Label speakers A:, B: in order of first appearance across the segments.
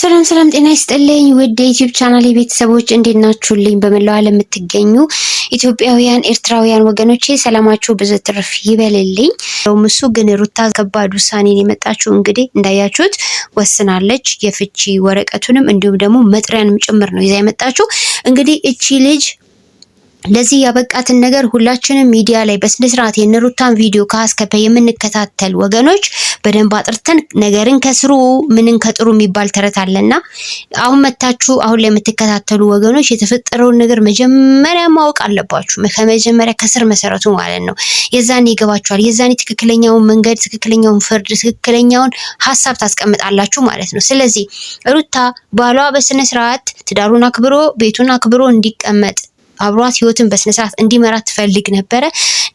A: ሰላም ሰላም፣ ጤና ይስጥልኝ ውድ የዩቲዩብ ቻናል ቤተሰቦች እንዴት ናችሁልኝ? በመላው ዓለም የምትገኙ ኢትዮጵያውያን ኤርትራውያን ወገኖቼ ሰላማችሁ ብዙ ትርፍ ይበልልኝ። እሱ ግን ሩታ ከባድ ውሳኔን የመጣችሁ እንግዲህ እንዳያችሁት ወስናለች። የፍቺ ወረቀቱንም እንዲሁም ደግሞ መጥሪያንም ጭምር ነው ይዛ የመጣችሁ። እንግዲህ እቺ ልጅ ለዚህ ያበቃትን ነገር ሁላችንም ሚዲያ ላይ በስነስርዓት የነሩታን ቪዲዮ ከአስከፈ የምንከታተል ወገኖች በደንብ አጥርተን ነገርን ከስሩ ምንን ከጥሩ የሚባል ተረት አለና አሁን መታችሁ አሁን ላይ የምትከታተሉ ወገኖች የተፈጠረውን ነገር መጀመሪያ ማወቅ አለባችሁ። ከመጀመሪያ ከስር መሰረቱ ማለት ነው። የዛኔ ይገባችኋል። የዛኔ ትክክለኛውን መንገድ፣ ትክክለኛውን ፍርድ፣ ትክክለኛውን ሀሳብ ታስቀምጣላችሁ ማለት ነው። ስለዚህ ሩታ ባሏ በስነስርዓት ትዳሩን አክብሮ ቤቱን አክብሮ እንዲቀመጥ አብሯት ህይወትን በስነስርዓት እንዲመራ ትፈልግ ነበረ።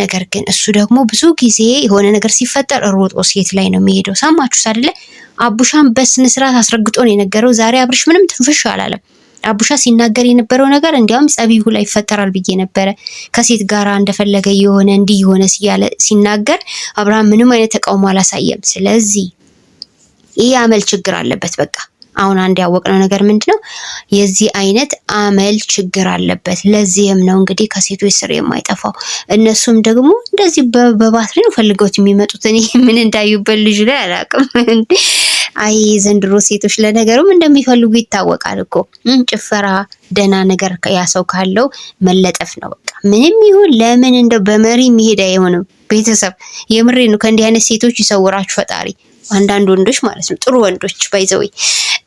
A: ነገር ግን እሱ ደግሞ ብዙ ጊዜ የሆነ ነገር ሲፈጠር ሮጦ ሴት ላይ ነው የሚሄደው። ሰማችሁስ አይደለ? አቡሻን በስነስርዓት አስረግጦ ነው የነገረው። ዛሬ አብርሽ ምንም ትንፍሽ አላለም። አቡሻ ሲናገር የነበረው ነገር እንዲያውም ጸቢሁ ላይ ይፈጠራል ብዬ ነበረ። ከሴት ጋራ እንደፈለገ የሆነ እንዲህ የሆነ እያለ ሲናገር አብርሃም ምንም አይነት ተቃውሞ አላሳየም። ስለዚህ ይህ አመል ችግር አለበት በቃ አሁን አንድ ያወቅነው ነገር ምንድን ነው? የዚህ አይነት አመል ችግር አለበት። ለዚህም ነው እንግዲህ ከሴቶች ስር የማይጠፋው። እነሱም ደግሞ እንደዚህ በባትሪ ነው ፈልገውት የሚመጡት። እኔ ምን እንዳዩበት ልጁ ላይ አላውቅም። አይ ዘንድሮ ሴቶች ለነገሩም እንደሚፈልጉ ይታወቃል እኮ ጭፈራ፣ ደህና ነገር ያሰው ካለው መለጠፍ ነው በቃ። ምንም ይሁን ለምን እንደው በመሪ መሄድ አይሆንም። ቤተሰብ የምሬ ነው። ከእንዲህ አይነት ሴቶች ይሰውራችሁ ፈጣሪ። አንዳንድ ወንዶች ማለት ነው፣ ጥሩ ወንዶች ባይዘዊ።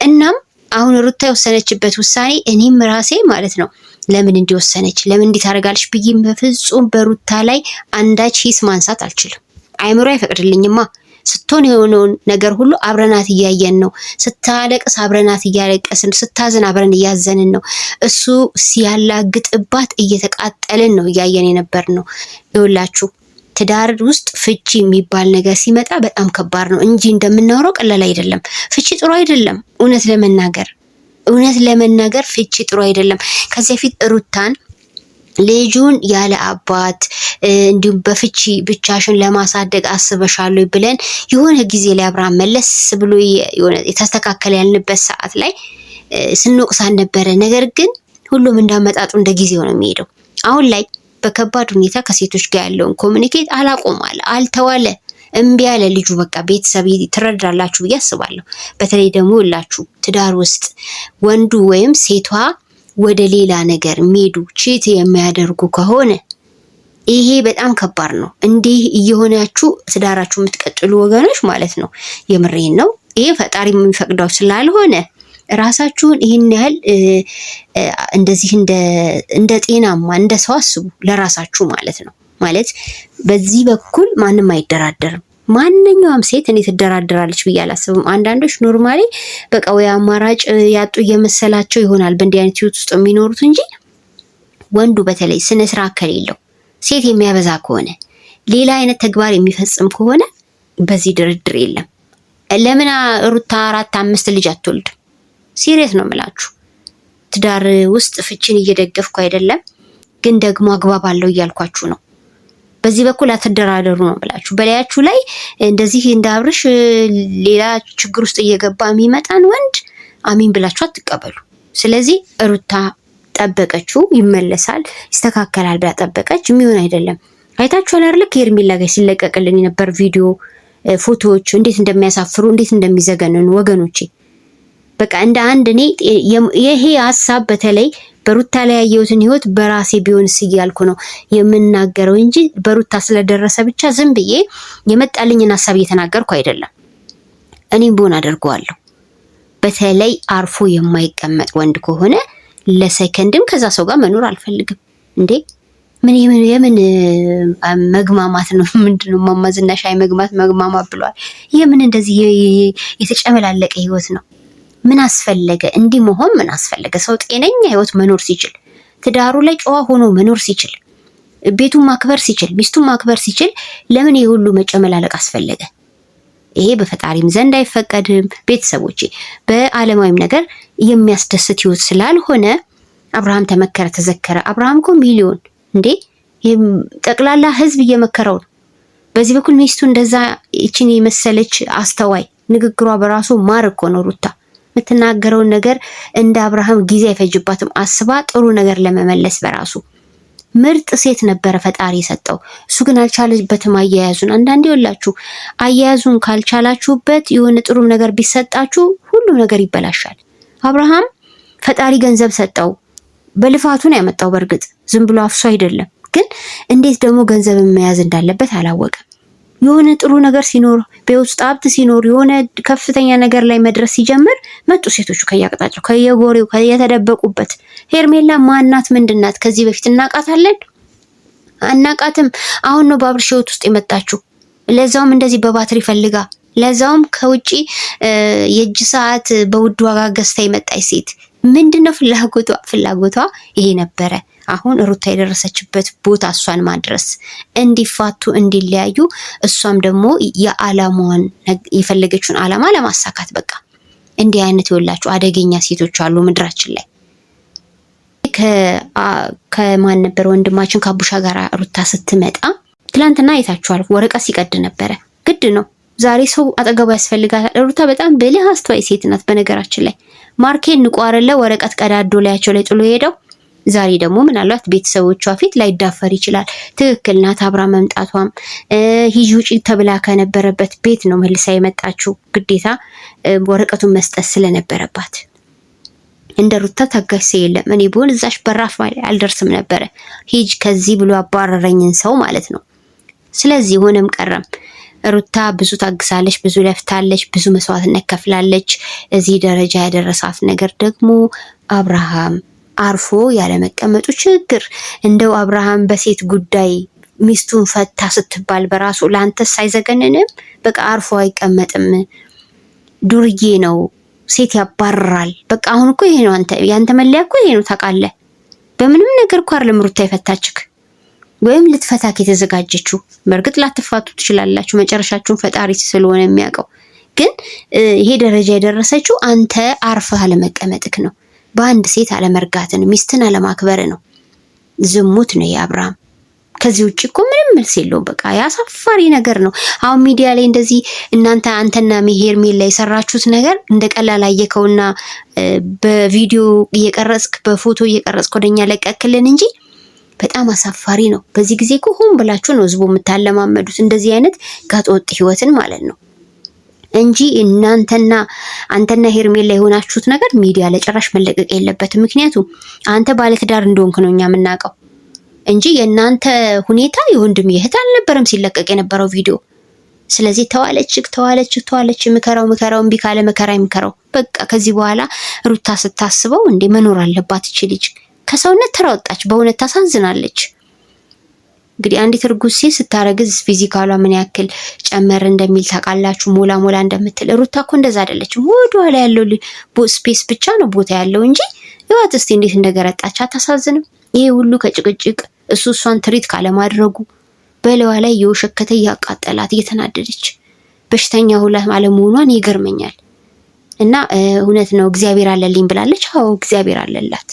A: እናም አሁን ሩታ የወሰነችበት ውሳኔ እኔም ራሴ ማለት ነው ለምን እንዲወሰነች ለምን እንዲታደርጋለች ብዬ በፍጹም በሩታ ላይ አንዳች ሂስ ማንሳት አልችልም። አይምሮ አይፈቅድልኝማ። ስትሆን የሆነውን ነገር ሁሉ አብረናት እያየን ነው። ስታለቅስ አብረናት እያለቀስን፣ ስታዘን አብረን እያዘንን ነው። እሱ ሲያላግጥባት እየተቃጠልን ነው እያየን የነበር ነው ይውላችሁ ትዳር ውስጥ ፍቺ የሚባል ነገር ሲመጣ በጣም ከባድ ነው እንጂ እንደምናወራው ቀላል አይደለም። ፍቺ ጥሩ አይደለም። እውነት ለመናገር እውነት ለመናገር ፍቺ ጥሩ አይደለም። ከዚህ በፊት ሩታን ልጁን ያለ አባት እንዲሁም በፍቺ ብቻሽን ለማሳደግ አስበሻለሁ ብለን የሆነ ጊዜ ላይ አብርሃም መለስ ብሎ የተስተካከለ ያልንበት ሰዓት ላይ ስንወቅሳን ነበረ። ነገር ግን ሁሉም እንዳመጣጡ እንደ ጊዜው ነው የሚሄደው አሁን ላይ በከባድ ሁኔታ ከሴቶች ጋር ያለውን ኮሚኒኬት አላቆማል አልተዋለ፣ እምቢ ያለ ልጁ። በቃ ቤተሰብ ትረዳላችሁ ብዬ አስባለሁ። በተለይ ደግሞ ሁላችሁ ትዳር ውስጥ ወንዱ ወይም ሴቷ ወደ ሌላ ነገር የሚሄዱ ቺት የሚያደርጉ ከሆነ ይሄ በጣም ከባድ ነው። እንዲህ እየሆናችሁ ትዳራችሁ የምትቀጥሉ ወገኖች ማለት ነው። የምሬን ነው። ይሄ ፈጣሪ የሚፈቅደው ስላልሆነ ራሳችሁን ይህን ያህል እንደዚህ እንደ ጤናማ እንደ ሰው አስቡ፣ ለራሳችሁ ማለት ነው። ማለት በዚህ በኩል ማንም አይደራደርም። ማንኛውም ሴት እኔ ትደራደራለች ብዬ አላስብም። አንዳንዶች ኖርማሊ በቃ ወይ አማራጭ ያጡ እየመሰላቸው ይሆናል በእንዲህ አይነት ህይወት ውስጥ የሚኖሩት እንጂ ወንዱ በተለይ ስነ ስርዓት ከሌለው ሴት የሚያበዛ ከሆነ ሌላ አይነት ተግባር የሚፈጽም ከሆነ በዚህ ድርድር የለም። ለምን ሩታ አራት አምስት ልጅ አትወልድም? ሲሪየስ ነው የምላችሁ። ትዳር ውስጥ ፍቺን እየደገፍኩ አይደለም፣ ግን ደግሞ አግባብ አለው እያልኳችሁ ነው። በዚህ በኩል አትደራደሩ ነው የምላችሁ። በላያችሁ ላይ እንደዚህ እንዳብርሽ ሌላ ችግር ውስጥ እየገባ የሚመጣን ወንድ አሚን ብላችሁ አትቀበሉ። ስለዚህ ሩታ ጠበቀችው፣ ይመለሳል፣ ይስተካከላል ብላ ጠበቀች። የሚሆን አይደለም። አይታችኋል አይደል? ከሄርሜላ ጋር ሲለቀቅልን የነበር ቪዲዮ ፎቶዎች እንዴት እንደሚያሳፍሩ እንዴት እንደሚዘገንኑ ወገኖቼ በቃ እንደ አንድ እኔ ይሄ ሀሳብ በተለይ በሩታ ላይ ያየሁትን ህይወት በራሴ ቢሆን ስያልኩ ነው የምናገረው እንጂ በሩታ ስለደረሰ ብቻ ዝም ብዬ የመጣልኝን ሀሳብ እየተናገርኩ አይደለም። እኔም ብሆን አደርገዋለሁ። በተለይ አርፎ የማይቀመጥ ወንድ ከሆነ ለሰከንድም ከዛ ሰው ጋር መኖር አልፈልግም። እንዴ ምን የምን መግማማት ነው? ምንድነው ማማዝና ሻይ መግማት መግማማት ብለዋል። የምን እንደዚህ የተጨመላለቀ ህይወት ነው? ምን አስፈለገ? እንዲህ መሆን ምን አስፈለገ? ሰው ጤነኛ ህይወት መኖር ሲችል፣ ትዳሩ ላይ ጨዋ ሆኖ መኖር ሲችል፣ ቤቱን ማክበር ሲችል፣ ሚስቱን ማክበር ሲችል ለምን ይህ ሁሉ መጨመላለቅ አስፈለገ? ይሄ በፈጣሪም ዘንድ አይፈቀድም። ቤተሰቦች በአለማዊም ነገር የሚያስደስት ህይወት ስላልሆነ አብርሃም ተመከረ፣ ተዘከረ። አብርሃም እኮ ሚሊዮን እንዴ ጠቅላላ ህዝብ እየመከረው ነው። በዚህ በኩል ሚስቱ እንደዛ ይችን የመሰለች አስተዋይ፣ ንግግሯ በራሱ ማር እኮ ነው ሩታ የምትናገረውን ነገር እንደ አብርሃም ጊዜ አይፈጅባትም። አስባ ጥሩ ነገር ለመመለስ በራሱ ምርጥ ሴት ነበረ ፈጣሪ የሰጠው። እሱ ግን አልቻለበትም አያያዙን። አንዳንዴ ይወላችሁ አያያዙን ካልቻላችሁበት የሆነ ጥሩም ነገር ቢሰጣችሁ ሁሉም ነገር ይበላሻል። አብርሃም ፈጣሪ ገንዘብ ሰጠው፣ በልፋቱን ያመጣው በእርግጥ ዝም ብሎ አፍሶ አይደለም። ግን እንዴት ደግሞ ገንዘብ መያዝ እንዳለበት አላወቀም። የሆነ ጥሩ ነገር ሲኖር በውስጥ ሀብት ሲኖር የሆነ ከፍተኛ ነገር ላይ መድረስ ሲጀምር መጡ ሴቶቹ ከያቅጣጫው ከየጎሬው ከየተደበቁበት። ሄርሜላ ማናት? ምንድናት? ከዚህ በፊት እናቃታለን አናቃትም። አሁን ነው በአብርሽ ህይወት ውስጥ የመጣችው። ለዛውም እንደዚህ በባትሪ ፈልጋ ለዛውም ከውጪ የእጅ ሰዓት በውድ ዋጋ ገዝታ የመጣች ሴት ምንድነው ፍላጎቷ? ፍላጎቷ ይሄ ነበረ። አሁን ሩታ የደረሰችበት ቦታ እሷን ማድረስ እንዲፋቱ እንዲለያዩ፣ እሷም ደግሞ የአላማዋን የፈለገችውን አላማ ለማሳካት በቃ እንዲህ አይነት የወላችሁ አደገኛ ሴቶች አሉ ምድራችን ላይ። ከማን ነበር ወንድማችን ከአቡሻ ጋር ሩታ ስትመጣ ትላንትና አይታችኋል። ወረቀት ሲቀድ ነበረ። ግድ ነው ዛሬ ሰው አጠገቡ ያስፈልጋል። ሩታ በጣም ብልህ አስተዋይ ሴት ናት። በነገራችን ላይ ማርኬን ንቋረለ ወረቀት ቀዳዶ ላያቸው ላይ ጥሎ ሄደው ዛሬ ደግሞ ምናልባት ቤተሰቦቿ ፊት ላይዳፈር ይችላል። ትክክል ናት። አብራ መምጣቷም ሂጂ ውጪ ተብላ ከነበረበት ቤት ነው መልሳ የመጣችው። ግዴታ ወረቀቱን መስጠት ስለነበረባት እንደ ሩታ ታጋሽ ሰው የለም። እኔ ብሆን እዛሽ በራፍ አልደርስም ነበረ። ሂጅ ከዚህ ብሎ አባረረኝን ሰው ማለት ነው። ስለዚህ ሆነም ቀረም ሩታ ብዙ ታግሳለች፣ ብዙ ለፍታለች፣ ብዙ መስዋዕትነት ከፍላለች። እዚህ ደረጃ ያደረሳት ነገር ደግሞ አብርሃም አርፎ ያለመቀመጡ ችግር እንደው አብርሃም በሴት ጉዳይ ሚስቱን ፈታ ስትባል በራሱ ለአንተስ አይዘገንንም? በቃ አርፎ አይቀመጥም። ዱርዬ ነው፣ ሴት ያባርራል። በቃ አሁን እኮ ይሄ ነው ያንተ መለያ እኮ ይሄ ነው ታውቃለህ። በምንም ነገር እኮ አይደለም ሩታ የፈታችክ ወይም ልትፈታክ የተዘጋጀችው። በእርግጥ ላትፋቱ ትችላላችሁ፣ መጨረሻችሁን ፈጣሪ ስለሆነ የሚያውቀው። ግን ይሄ ደረጃ የደረሰችው አንተ አርፈህ አለመቀመጥክ ነው። በአንድ ሴት አለመርጋትን፣ ሚስትን አለማክበር ነው። ዝሙት ነው የአብርሃም። ከዚህ ውጭ እኮ ምንም መልስ የለውም። በቃ ያሳፋሪ ነገር ነው። አሁን ሚዲያ ላይ እንደዚህ እናንተ አንተና ሄርሜላ ላይ የሰራችሁት ነገር እንደ ቀላል አየከውና በቪዲዮ እየቀረጽክ በፎቶ እየቀረጽክ ወደኛ ለቀክልን እንጂ በጣም አሳፋሪ ነው። በዚህ ጊዜ እኮ ሆን ብላችሁ ነው ህዝቡ የምታለማመዱት እንደዚህ አይነት ጋጠወጥ ህይወትን ማለት ነው። እንጂ እናንተና አንተና ሄርሜላ የሆናችሁት ነገር ሚዲያ ለጭራሽ መለቀቅ የለበትም። ምክንያቱም አንተ ባለትዳር እንደሆንክ ነው እኛ የምናውቀው እንጂ የእናንተ ሁኔታ የወንድም የእህት አልነበረም ሲለቀቅ የነበረው ቪዲዮ። ስለዚህ ተዋለች ተዋለች ተዋለች፣ ምከራው ምከራው፣ እምቢ ካለ መከራ በቃ ከዚህ በኋላ ሩታ ስታስበው እንዴ መኖር አለባት እቺ ልጅ። ከሰውነት ተራወጣች። በእውነት ታሳዝናለች። እንግዲህ አንዲት እርጉዝ ሴት ስታረግዝ ፊዚካሏ ምን ያክል ጨመር እንደሚል ታውቃላችሁ። ሞላ ሞላ እንደምትል ሩታ እኮ እንደዛ አይደለችም። ወደ ኋላ ያለው ስፔስ ብቻ ነው ቦታ ያለው እንጂ ህይወት እስቲ እንዴት እንደገረጣች አታሳዝንም? ይሄ ሁሉ ከጭቅጭቅ እሱ እሷን ትሪት ካለማድረጉ በለዋ ላይ እየወሸከተ እያቃጠላት እየተናደደች በሽተኛ ሁላ አለመሆኗን ይገርመኛል። እና እውነት ነው እግዚአብሔር አለልኝ ብላለች። አዎ እግዚአብሔር አለላት።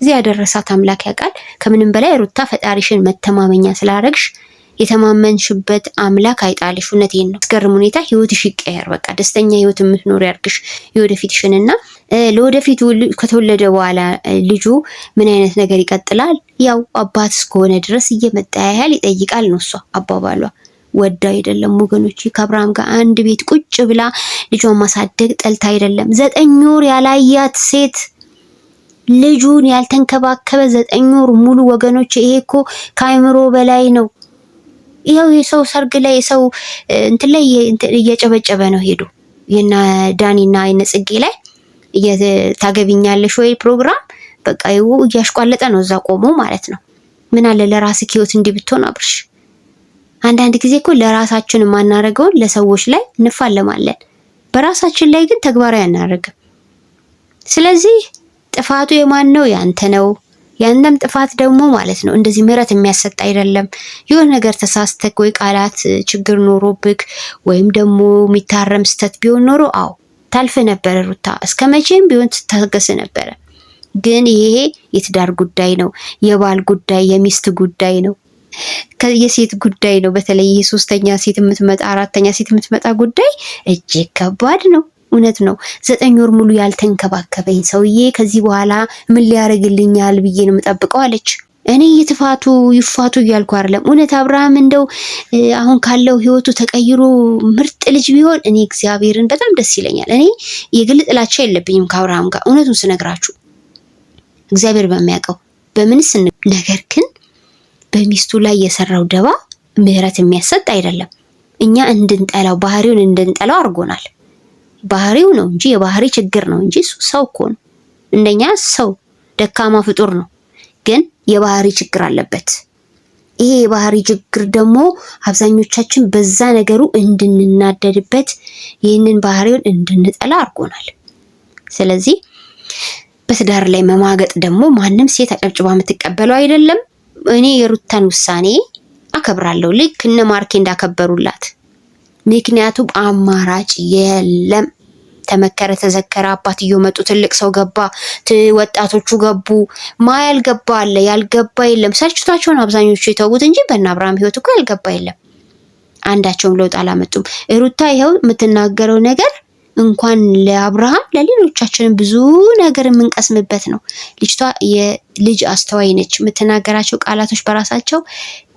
A: እዚህ ያደረሳት አምላክ ያውቃል። ከምንም በላይ ሩታ ፈጣሪሽን መተማመኛ ስላረግሽ የተማመንሽበት አምላክ አይጣልሽ። እውነቴን ነው። አስገርም ሁኔታ ህይወትሽ ይቀየር። በቃ ደስተኛ ህይወት የምትኖር ያርግሽ የወደፊትሽን እና ለወደፊቱ ከተወለደ በኋላ ልጁ ምን አይነት ነገር ይቀጥላል? ያው አባት እስከሆነ ድረስ እየመጣ ያህል ይጠይቃል ነው እሷ አባባሏ። ወዳ አይደለም ወገኖች፣ ከአብርሃም ጋር አንድ ቤት ቁጭ ብላ ልጇን ማሳደግ ጠልታ አይደለም። ዘጠኝ ወር ያላያት ሴት ልጁን ያልተንከባከበ ዘጠኝ ወር ሙሉ ወገኖች፣ ይሄ እኮ ከአእምሮ በላይ ነው። ይኸው የሰው ሰርግ ላይ የሰው እንትን ላይ እየጨበጨበ ነው ሄዶ የነ ዳኒና የነ ጽጌ ላይ ታገቢኛለሽ ወይ ፕሮግራም በቃ ይው እያሽቋለጠ ነው እዛ ቆሞ ማለት ነው። ምን አለ ለራስ ህይወት እንዲህ ብትሆን አብርሽ። አንዳንድ ጊዜ እኮ ለራሳችን የማናደርገውን ለሰዎች ላይ እንፋለማለን፣ በራሳችን ላይ ግን ተግባራዊ አናደርግም። ስለዚህ ጥፋቱ የማን ነው? ያንተ ነው። ያንተም ጥፋት ደግሞ ማለት ነው እንደዚህ ምህረት የሚያሰጥ አይደለም። የሆነ ነገር ተሳስተክ ወይ ቃላት ችግር ኖሮብክ ወይም ደግሞ የሚታረም ስተት ቢሆን ኖሮ አዎ ታልፈ ነበረ ሩታ፣ እስከ መቼም ቢሆን ትታገስ ነበረ። ግን ይሄ የትዳር ጉዳይ ነው፣ የባል ጉዳይ፣ የሚስት ጉዳይ ነው፣ የሴት ጉዳይ ነው። በተለይ ይሄ ሶስተኛ ሴት የምትመጣ አራተኛ ሴት የምትመጣ ጉዳይ እጅግ ከባድ ነው። እውነት ነው። ዘጠኝ ወር ሙሉ ያልተንከባከበኝ ሰውዬ ከዚህ በኋላ ምን ሊያደርግልኛል ብዬ ነው የምጠብቀው አለች። እኔ ይትፋቱ ይፋቱ እያልኩ አይደለም። እውነት አብርሃም እንደው አሁን ካለው ህይወቱ ተቀይሮ ምርጥ ልጅ ቢሆን እኔ እግዚአብሔርን በጣም ደስ ይለኛል። እኔ የግል ጥላቻ የለብኝም ከአብርሃም ጋር እውነቱን ስነግራችሁ እግዚአብሔር በሚያውቀው በምንስ ነገር ግን በሚስቱ ላይ የሰራው ደባ ምህረት የሚያሰጥ አይደለም። እኛ እንድንጠላው ባህሪውን እንድንጠላው አድርጎናል። ባህሪው ነው እንጂ የባህሪ ችግር ነው እንጂ ሰው እኮ ነው እንደኛ ሰው ደካማ ፍጡር ነው፣ ግን የባህሪ ችግር አለበት። ይሄ የባህሪ ችግር ደግሞ አብዛኞቻችን በዛ ነገሩ እንድንናደድበት ይህንን ባህሪውን እንድንጠላ አድርጎናል። ስለዚህ በትዳር ላይ መማገጥ ደግሞ ማንም ሴት አጨብጭባ የምትቀበለው አይደለም። እኔ የሩታን ውሳኔ አከብራለሁ ልክ እነ ማርኬ እንዳከበሩላት ምክንያቱም አማራጭ የለም። ተመከረ፣ ተዘከረ፣ አባትዮ መጡ፣ ትልቅ ሰው ገባ፣ ወጣቶቹ ገቡ። ማ ያልገባ አለ? ያልገባ የለም። ሰልችቷቸውን አብዛኞቹ የተዉት እንጂ በእነ አብርሃም ህይወት እኮ ያልገባ የለም። አንዳቸውም ለውጥ አላመጡም። ሩታ ይኸው የምትናገረው ነገር እንኳን ለአብርሃም ለሌሎቻችንም ብዙ ነገር የምንቀስምበት ነው። ልጅቷ የልጅ አስተዋይ ነች። የምትናገራቸው ቃላቶች በራሳቸው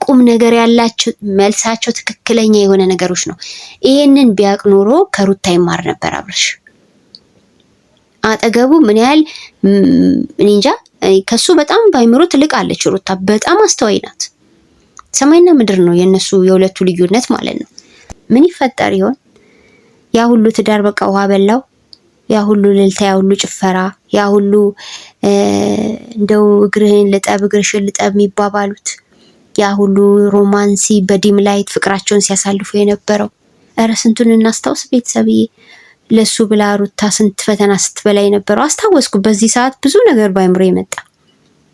A: ቁም ነገር ያላቸው፣ መልሳቸው ትክክለኛ የሆነ ነገሮች ነው። ይሄንን ቢያቅ ኖሮ ከሩታ ይማር ነበር አብርሽ። አጠገቡ ምን ያህል እኔ እንጃ። ከሱ በጣም ባይምሮ ትልቅ አለች ሩታ፣ በጣም አስተዋይ ናት። ሰማይና ምድር ነው የእነሱ የሁለቱ ልዩነት ማለት ነው። ምን ይፈጠር ይሆን? ያ ሁሉ ትዳር በቃ ውሃ በላው። ያ ሁሉ ልልታ፣ ያ ሁሉ ጭፈራ፣ ያ ሁሉ እንደው እግርህን ልጠብ እግርሽን ልጠብ የሚባባሉት ያ ሁሉ ሮማንሲ በዲም ላይት ፍቅራቸውን ሲያሳልፉ የነበረው እረ ስንቱን እናስታውስ ቤተሰብዬ። ለሱ ብላ ሩታ ስንት ፈተና ስትበላ የነበረው አስታወስኩ። በዚህ ሰዓት ብዙ ነገር ባይምሮ የመጣ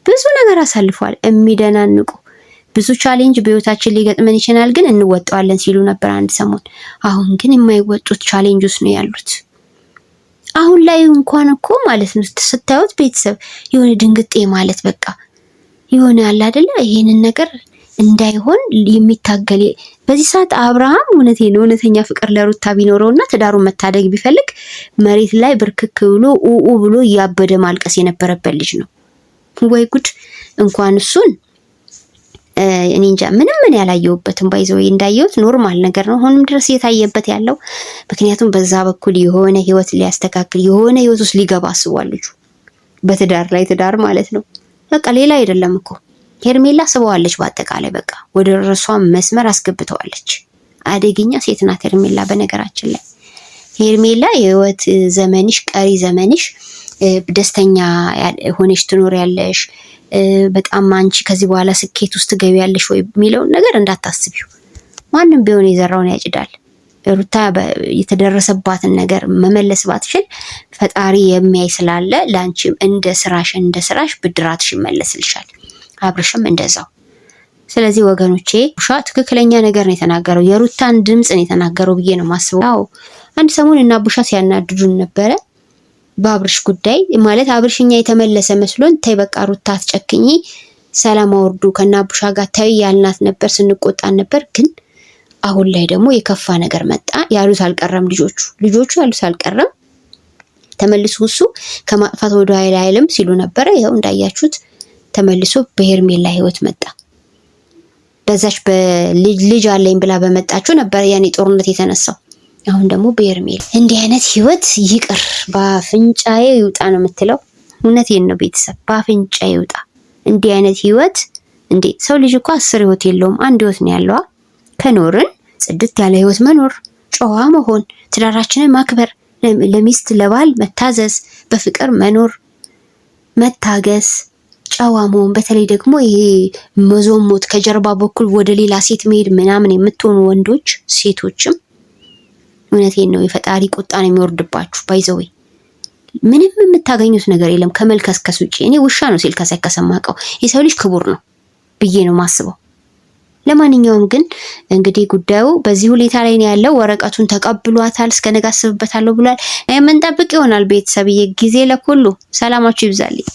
A: ብዙ ነገር አሳልፏል። የሚደናንቁ ብዙ ቻሌንጅ በህይወታችን ሊገጥመን ይችላል፣ ግን እንወጣዋለን ሲሉ ነበር አንድ ሰሞን። አሁን ግን የማይወጡት ቻሌንጅ ውስጥ ነው ያሉት። አሁን ላይ እንኳን እኮ ማለት ነው ስታዩት ቤተሰብ የሆነ ድንግጤ ማለት በቃ የሆነ ያለ አይደለ ይሄንን ነገር እንዳይሆን የሚታገል በዚህ ሰዓት አብርሃም እውነቴ ነው እውነተኛ ፍቅር ለሩታ እና ትዳሩን መታደግ ቢፈልግ መሬት ላይ ብርክክ ብሎ ኡኡ ብሎ እያበደ ማልቀስ የነበረበት ልጅ ነው። ወይ ጉድ! እንኳን እሱን እኔ እንጃ ምንም ምን ያላየሁበትም ባይዘው እንዳየሁት ኖርማል ነገር ነው አሁንም ድረስ እየታየበት ያለው ምክንያቱም በዛ በኩል የሆነ ህይወት ሊያስተካክል የሆነ ህይወት ውስጥ ሊገባ አስቧል ልጁ በትዳር ላይ ትዳር ማለት ነው በቃ ሌላ አይደለም እኮ ሄርሜላ ስበዋለች በአጠቃላይ በቃ ወደ ራሷ መስመር አስገብተዋለች አደገኛ ሴት ናት ሄርሜላ በነገራችን ላይ ሄርሜላ የህይወት ዘመንሽ ቀሪ ዘመንሽ ደስተኛ ሆነሽ ያለሽ በጣም አንቺ ከዚህ በኋላ ስኬት ውስጥ ያለሽ ወይ የሚለውን ነገር እንዳታስቢው። ማንም ቢሆን የዘራውን ያጭዳል። ሩታ የተደረሰባትን ነገር መመለስ ባትችል ፈጣሪ የሚያይ ስላለ ለአንቺም እንደ ስራሽ እንደ ስራሽ ብድራትሽ ይመለስልሻል። አብርሽም እንደዛው። ስለዚህ ወገኖቼ ሻ ትክክለኛ ነገር ነው የተናገረው፣ የሩታን ድምፅ ነው የተናገረው ብዬ ነው ማስበው። አንድ ሰሞን እና ቡሻ ሲያናድዱን ነበረ። በአብርሽ ጉዳይ ማለት አብርሽኛ የተመለሰ መስሎን ተይ በቃ ሩታ አትጨክኚ፣ ሰላም አውርዱ ከናቡሻ ጋር ተይ ያልናት ነበር፣ ስንቆጣን ነበር። ግን አሁን ላይ ደግሞ የከፋ ነገር መጣ። ያሉት አልቀረም፣ ልጆቹ ልጆቹ ያሉት አልቀረም። ተመልሶ እሱ ከማጥፋት ወደ ኋላ አይልም ሲሉ ነበረ። ይኸው እንዳያችሁት ተመልሶ በሄርሜላ ህይወት መጣ። በዛች ልጅ አለኝ ብላ በመጣችው ነበር ያኔ ጦርነት የተነሳው። አሁን ደግሞ በኤርሜል እንዲህ አይነት ህይወት ይቅር፣ በአፍንጫዬ ይውጣ ነው የምትለው። እውነቴን ነው ቤተሰብ፣ በአፍንጫ ይውጣ እንዲህ አይነት ህይወት። እንዴ ሰው ልጅ እኮ አስር ህይወት የለውም አንድ ህይወት ነው ያለዋ። ከኖርን ጽድት ያለ ህይወት መኖር፣ ጨዋ መሆን፣ ትዳራችንን ማክበር፣ ለሚስት ለባል መታዘዝ፣ በፍቅር መኖር፣ መታገስ ጨዋ መሆን በተለይ ደግሞ ይሄ መዞሞት ከጀርባ በኩል ወደ ሌላ ሴት መሄድ ምናምን የምትሆኑ ወንዶች ሴቶችም እውነቴን ነው። የፈጣሪ ቁጣ ነው የሚወርድባችሁ። ባይዘዌ ምንም የምታገኙት ነገር የለም ከመልከስከስ ውጭ። እኔ ውሻ ነው ሲልከስ አይከሰማቀው የሰው ልጅ ክቡር ነው ብዬ ነው ማስበው። ለማንኛውም ግን እንግዲህ ጉዳዩ በዚህ ሁኔታ ላይ ነው ያለው። ወረቀቱን ተቀብሏታል። እስከ ነገ አስብበታለሁ ብሏል። የምንጠብቅ ይሆናል ቤተሰብዬ። ጊዜ ለኩሉ ሰላማችሁ ይብዛልኝ።